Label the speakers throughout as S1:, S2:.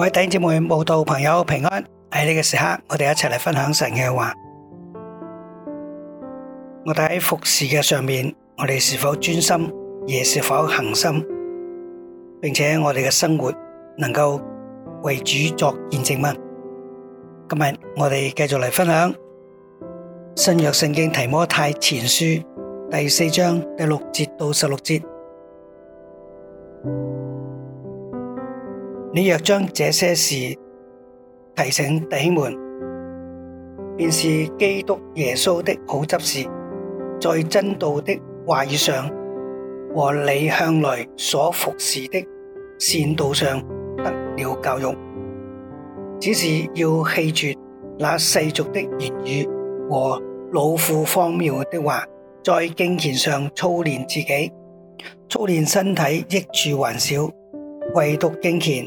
S1: 各位弟兄姐妹、慕道朋友平安。喺呢個時刻，我哋一齊嚟分享神嘅話。我哋喺服侍嘅上面，我哋是否專心，亦是否恒心，並且我哋嘅生活能夠為主作見證嗎？今日我哋繼續嚟分享新約聖經提摩太前書第四章第六節到十六節。你若將這些事提醒弟兄們，便是基督耶穌的好執事，在真道的話語上和你向來所服侍的善道上得了教育，只是要棄絕那世俗的言語和老婦荒謬的話，在敬虔上操練自己，操練身體益處還少，唯獨敬虔。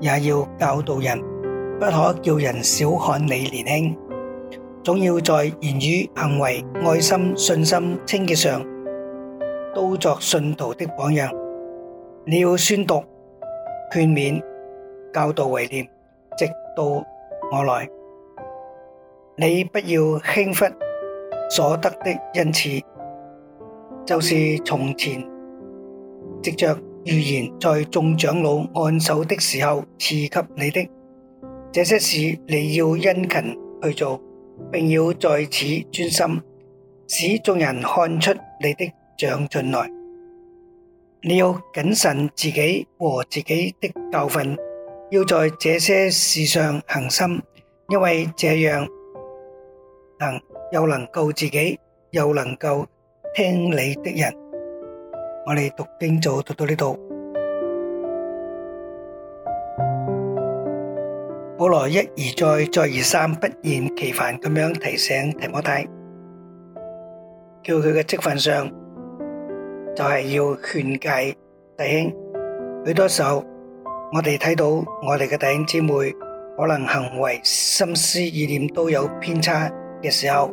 S1: 也要教導人，不可叫人小看你年輕，總要在言語、行為、愛心、信心、清潔上，都作信徒的榜樣。你要宣讀、勸勉、教導為念，直到我來。你不要輕忽所得的恩賜，就是從前藉着。預言在眾長老按手的時候賜給你的，這些事你要殷勤去做，並要在此專心，使眾人看出你的長進來。你要謹慎自己和自己的教訓，要在這些事上恆心，因為這樣能又能夠自己又能夠聽你的人。我哋讀經就讀到呢度，保羅一而再、再而三不厭其煩咁樣提醒提摩太，叫佢嘅職份上就係要勸誡弟兄。許多時候，我哋睇到我哋嘅弟兄姊妹可能行為、心思、意念都有偏差嘅時候，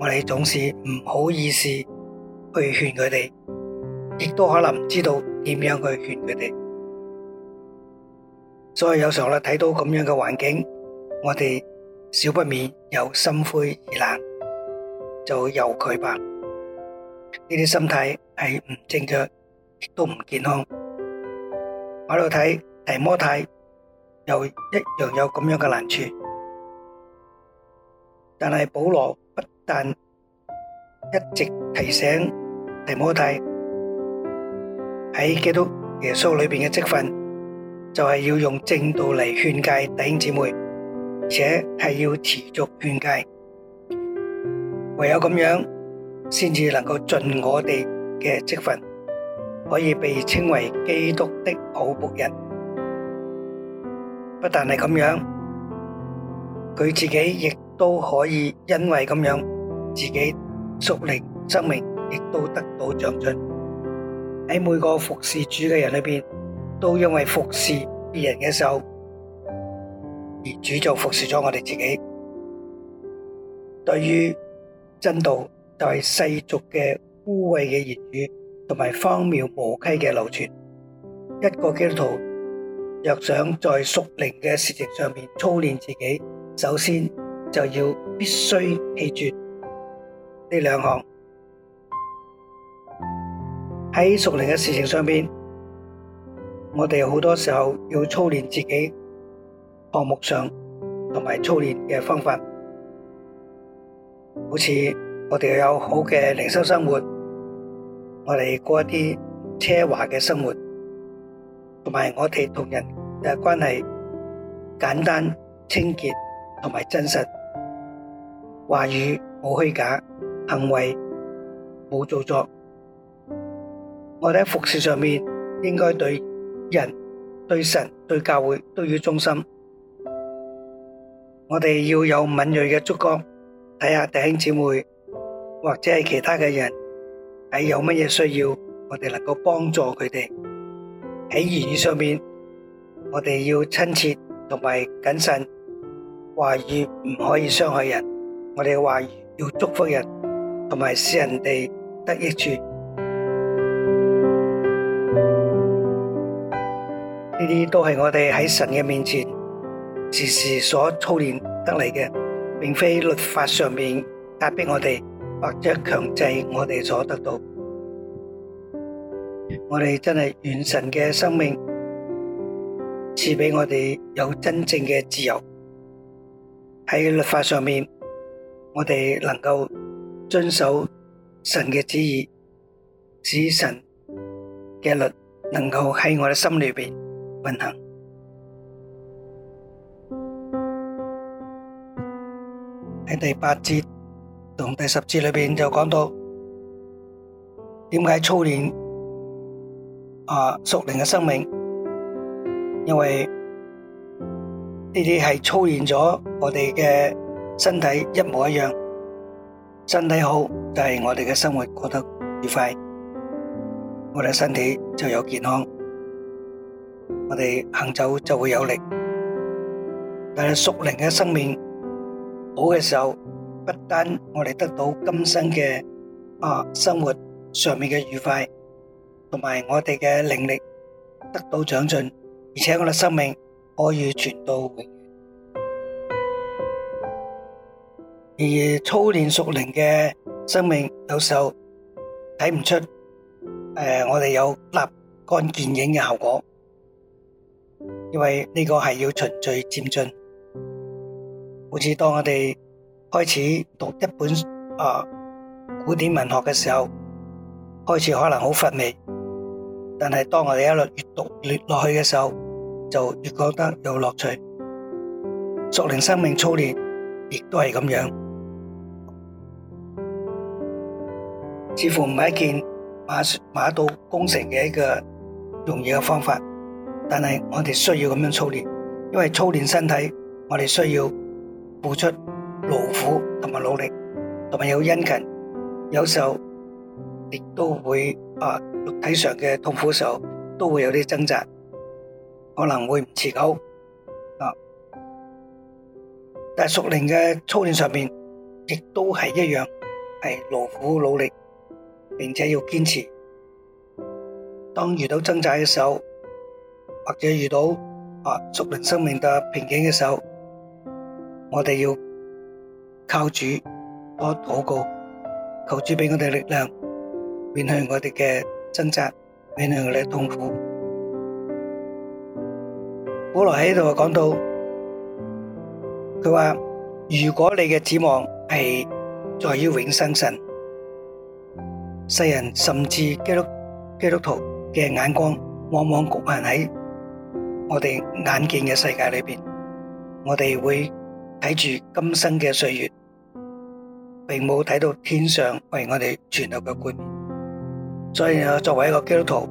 S1: 我哋總是唔好意思去勸佢哋。亦都可能唔知道點樣去勸佢哋，所以有時候咧睇到咁樣嘅環境，我哋少不免有心灰意冷，就由佢吧。呢啲心態係唔正確，亦都唔健康。喺度睇提摩太又一樣有咁樣嘅難處，但係保羅不但一直提醒提摩太。喺基督耶穌裏邊嘅職份，就係要用正道嚟勸誡弟兄姊妹，而且係要持續勸誡，唯有咁樣，先至能夠盡我哋嘅職份，可以被稱為基督的好僕人。不但係咁樣，佢自己亦都可以因為咁樣，自己屬靈生命，亦都得到長進。喺每個服侍主嘅人裏邊，都因為服侍別人嘅時候，而主就服侍咗我哋自己。對於真道就係、是、世俗嘅污穢嘅言語，同埋荒謬無稽嘅流傳。一個基督徒若想在屬靈嘅事情上面操練自己，首先就要必須棄絕呢兩項。喺熟靈嘅事情上邊，我哋好多時候要操練自己項目上同埋操練嘅方法，好似我哋有好嘅靈修生活，我哋過一啲奢華嘅生活，同埋我哋同人嘅關係簡單、清潔同埋真實，話語冇虛假，行為冇做作。我哋喺服事上面應該對人、對神、對教會都要忠心。我哋要有敏銳嘅觸覺，睇下弟兄姊妹或者係其他嘅人睇有乜嘢需要，我哋能夠幫助佢哋。喺言語上面，我哋要親切同埋謹慎，話語唔可以傷害人。我哋嘅話語要祝福人，同埋使人哋得益處。呢啲都係我哋喺神嘅面前時時所操練得嚟嘅，並非律法上面壓迫我哋或者強制我哋所得到。我哋真係願神嘅生命賜俾我哋有真正嘅自由。喺律法上面，我哋能夠遵守神嘅旨意，使神嘅律能夠喺我哋心裏邊運行喺第八節同第十節裏邊就講到點解操練啊屬靈嘅生命，因為呢啲係操練咗我哋嘅身體一模一樣，身體好就係我哋嘅生活過得愉快，我哋身體就有健康。我哋行走就會有力，但係屬靈嘅生命好嘅時候，不單我哋得到今生嘅啊生活上面嘅愉快，同埋我哋嘅靈力得到長進，而且我哋生命可以傳到永遠。而操練屬靈嘅生命，有時候睇唔出，誒，我哋有立竿見影嘅效果。因為呢個係要循序漸進，好似當我哋開始讀一本誒古典文學嘅時候，開始可能好乏味，但係當我哋一路閱讀落去嘅時候，就越覺得有樂趣。熟練生命操練亦都係咁樣，似乎唔係一件馬馬到功成嘅一個容易嘅方法。但係我哋需要咁樣操練，因為操練身體，我哋需要付出勞苦同埋努力，同埋有恩勤。有時候亦都會啊，肉體上嘅痛苦時候，都會有啲掙扎，可能會唔持久啊。但係屬靈嘅操練上邊，亦都係一樣，係勞苦努力，並且要堅持。當遇到掙扎嘅時候，或者遇到啊，屬靈生命嘅瓶頸嘅時候，我哋要靠主，多禱告，求主俾我哋力量，免去我哋嘅掙扎，免去我哋嘅痛苦。保羅喺呢度講到，佢話如果你嘅指望係在於永生神，世人甚至基督基督徒嘅眼光，往往局限喺。我哋眼見嘅世界裏邊，我哋會睇住今生嘅歲月，並冇睇到天上為我哋存留嘅冠冕。所以啊，作為一個基督徒，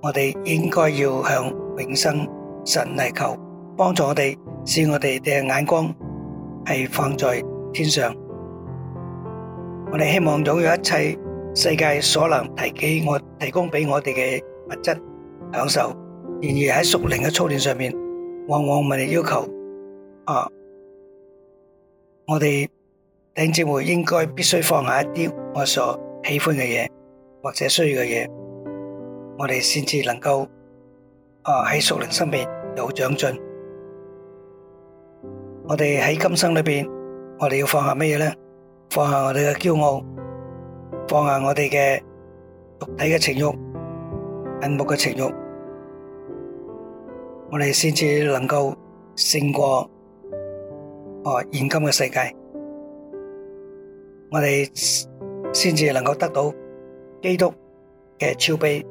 S1: 我哋應該要向永生神嚟求幫助我哋，使我哋嘅眼光係放在天上。我哋希望擁有一切世界所能提起我提供俾我哋嘅物質享受。然而喺屬靈嘅操練上面，往往我哋要求啊，我哋頂住會應該必須放下一啲我所喜歡嘅嘢，或者需要嘅嘢，我哋先至能夠啊喺屬靈身邊有長進。我哋喺今生裏邊，我哋要放下乜嘢咧？放下我哋嘅驕傲，放下我哋嘅肉體嘅情慾、眼目嘅情慾。我哋先至能夠勝過哦，現今嘅世界。我哋先至能夠得到基督嘅超卑。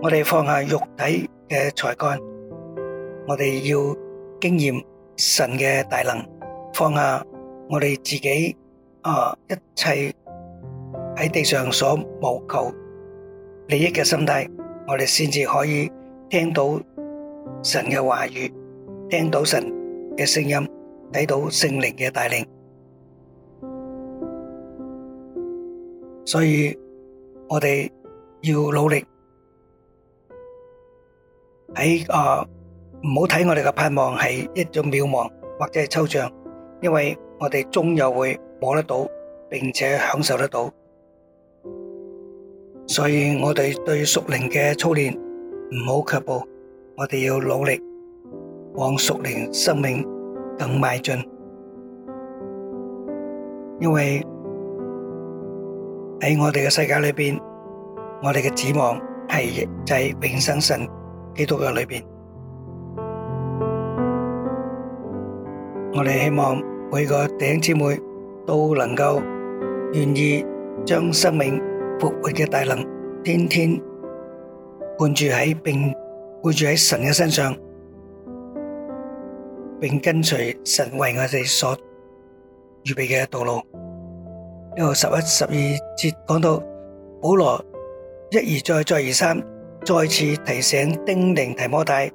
S1: 我哋放下肉體嘅才幹，我哋要經驗神嘅大能。放下我哋自己啊，一切喺地上所謀求利益嘅心態，我哋先至可以聽到。神嘅話語，聽到神嘅聲音，睇到聖靈嘅帶領，所以我哋要努力喺啊，唔好睇我哋嘅盼望係一種渺茫或者係抽象，因為我哋終有會摸得到，並且享受得到，所以我哋對屬靈嘅操練唔好卻步。我哋要努力往屬靈生命更邁進，因為喺我哋嘅世界裏邊，我哋嘅指望係就喺永生神基督嘅裏邊。我哋希望每個弟兄姊妹都能夠願意將生命復活嘅大能天天伴住喺並。背住喺神嘅身上，並跟隨神為我哋所預備嘅道路。呢個十一、十二節講到保羅一而再、再而三、再次提醒丁寧提摩太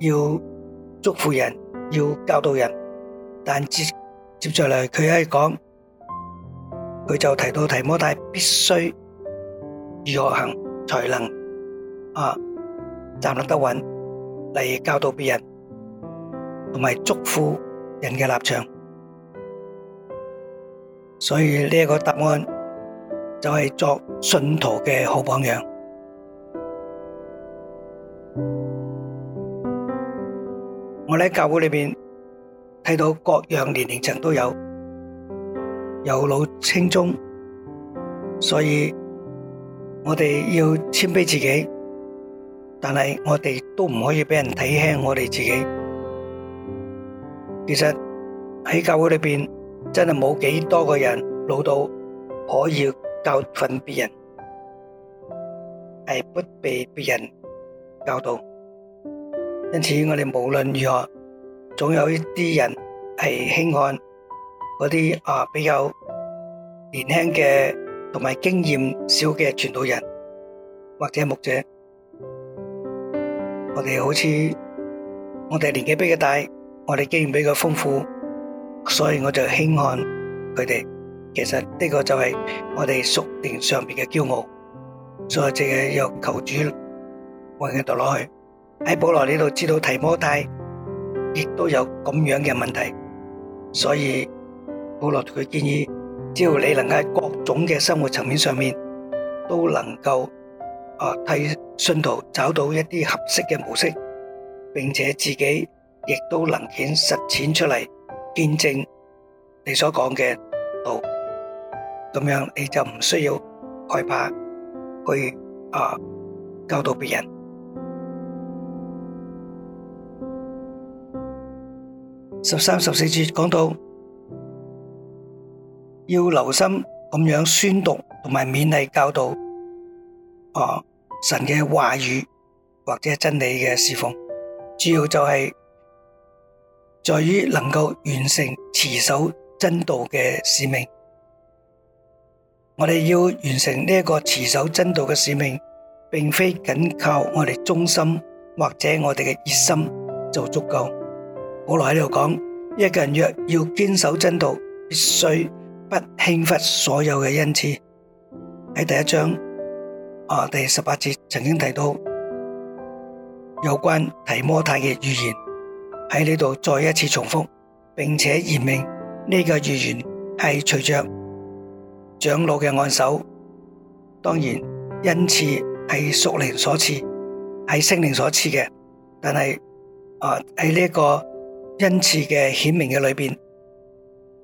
S1: 要祝福人、要教導人，但接接着嚟佢喺講，佢就提到提摩太必須如何行才能啊？站立得穩嚟教導別人，同埋祝福人嘅立場，所以呢一個答案就係作信徒嘅好榜樣。我喺教會裏面睇到各樣年齡層都有，有老青中，所以我哋要謙卑自己。但係我哋都唔可以俾人睇輕我哋自己。其實喺教會裏邊，真係冇幾多個人老到可以教訓別人，係不被別人教導。因此，我哋無論如何，總有一啲人係輕看嗰啲啊，比較年輕嘅同埋經驗少嘅傳道人或者牧者。我哋好似我哋年紀比較大，我哋經驗比較豐富，所以我就輕看佢哋。其實呢個就係我哋屬靈上邊嘅驕傲，所以淨係要求主往佢度落去。喺保羅呢度知道提摩太亦都有咁樣嘅問題，所以保羅佢建議，只要你能夠喺各種嘅生活層面上面都能夠。啊！替信徒找到一啲合適嘅模式，並且自己亦都能顯實踐出嚟見證你所講嘅道，咁樣你就唔需要害怕去啊教導別人。十三、十四節講到要留心咁樣宣讀同埋勉勵教導，啊！神嘅話語或者真理嘅侍奉，主要就係在於能夠完成持守真道嘅使命。我哋要完成呢一個持守真道嘅使命，並非僅靠我哋忠心或者我哋嘅熱心就足夠。保羅喺度講，一個人若要堅守真道，必須不輕忽所有嘅恩賜。喺第一章。啊！第十八節曾經提到有關提摩太嘅預言，喺呢度再一次重複，並且言明呢個預言係隨着長老嘅按手，當然恩賜係屬靈所賜，係聖靈所賜嘅。但係啊喺呢個恩賜嘅顯明嘅裏邊，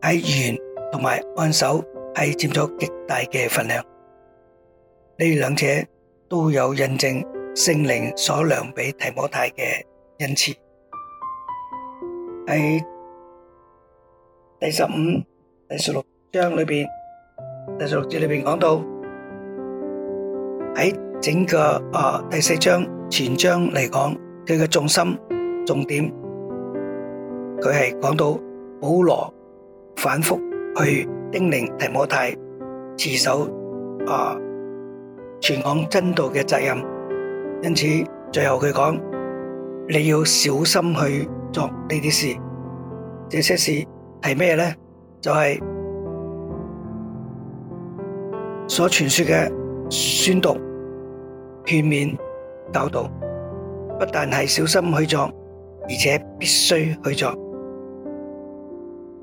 S1: 喺預言同埋按手係佔咗極大嘅份量。呢兩者都有印證聖靈所量俾提摩太嘅恩賜。喺第十五、第十六章裏邊，第十六節裏邊講到，喺整個啊第四章前章嚟講，佢嘅重心、重點，佢係講到保羅反覆去叮嚀提摩太持守啊。全港真道嘅責任，因此最後佢講：你要小心去做呢啲事，這些事係咩呢？就係、是、所傳說嘅宣讀、勸勉、教導，不但係小心去做，而且必須去做。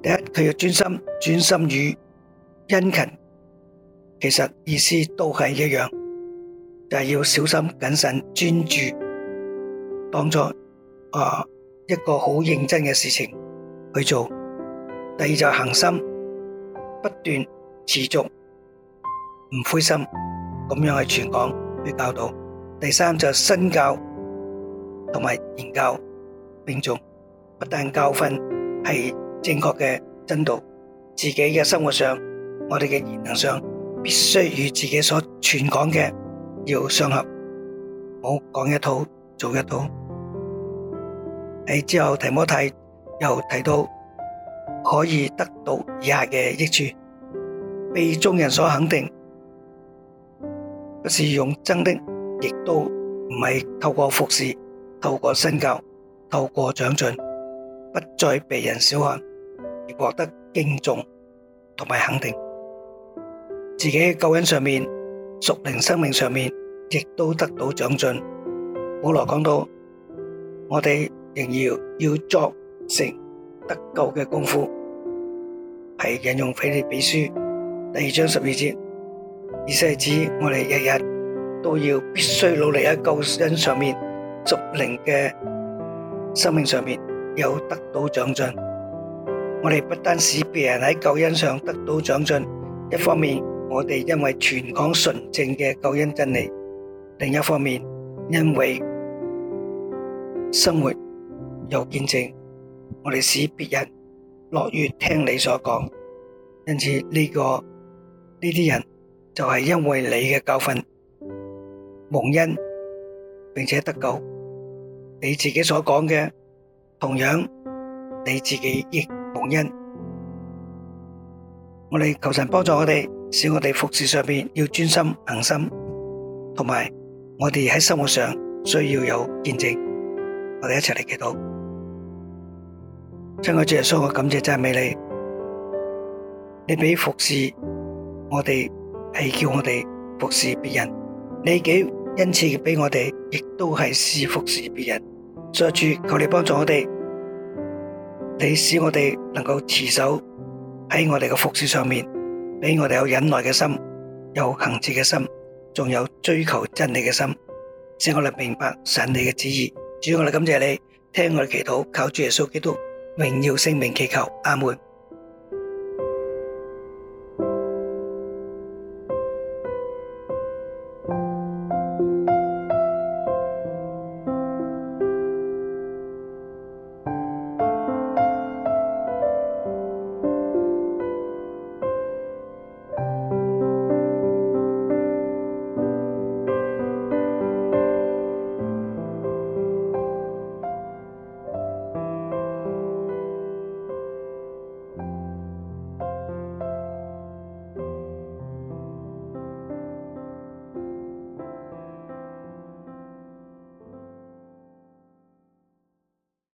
S1: 第一，佢要專心、專心與殷勤，其實意思都係一樣。但要小心謹慎專注，當作啊一個好認真嘅事情去做。第二就係恒心，不斷持續，唔灰心，咁樣去傳講去教導。第三就係身教同埋研究並重，不但教訓係正確嘅真道，自己嘅生活上、我哋嘅言行上，必須與自己所傳講嘅。要相合，唔好講一套做一套。喺之後提摩太又提到，可以得到以下嘅益處：被眾人所肯定，不是用爭的，亦都唔係透過服侍、透過身教、透過長進，不再被人小看，而獲得敬重同埋肯定自己嘅救恩上面。屬靈生命上面亦都得到長進。保羅講到，我哋仍然要作成得救嘅功夫，係引用腓立比書第二章十二節，意思係指我哋日日都要必須努力喺救恩上面，屬靈嘅生命上面又得到長進。我哋不單使別人喺救恩上得到長進，一方面。我哋因為全港純正嘅救恩真理，另一方面因為生活又見證我哋使別人樂於聽你所講，因此呢個呢啲人就係因為你嘅教訓蒙恩，並且得救。你自己所講嘅，同樣你自己亦蒙恩。我哋求神幫助我哋。使我哋服侍上面要專心恒心，同埋我哋喺生活上需要有見證。我哋一齊嚟祈禱，親愛主耶穌，我感謝讚美你。你俾服侍我哋係叫我哋服侍別人，你嘅恩賜俾我哋亦都係是，是服侍別人。所以主求你幫助我哋，你使我哋能夠持守喺我哋嘅服侍上面。俾我哋有忍耐嘅心，有恒志嘅心，仲有追求真理嘅心，使我哋明白神你嘅旨意。主我哋感謝你，聽我哋祈禱，靠主耶穌基督，榮耀聖名，祈求阿門。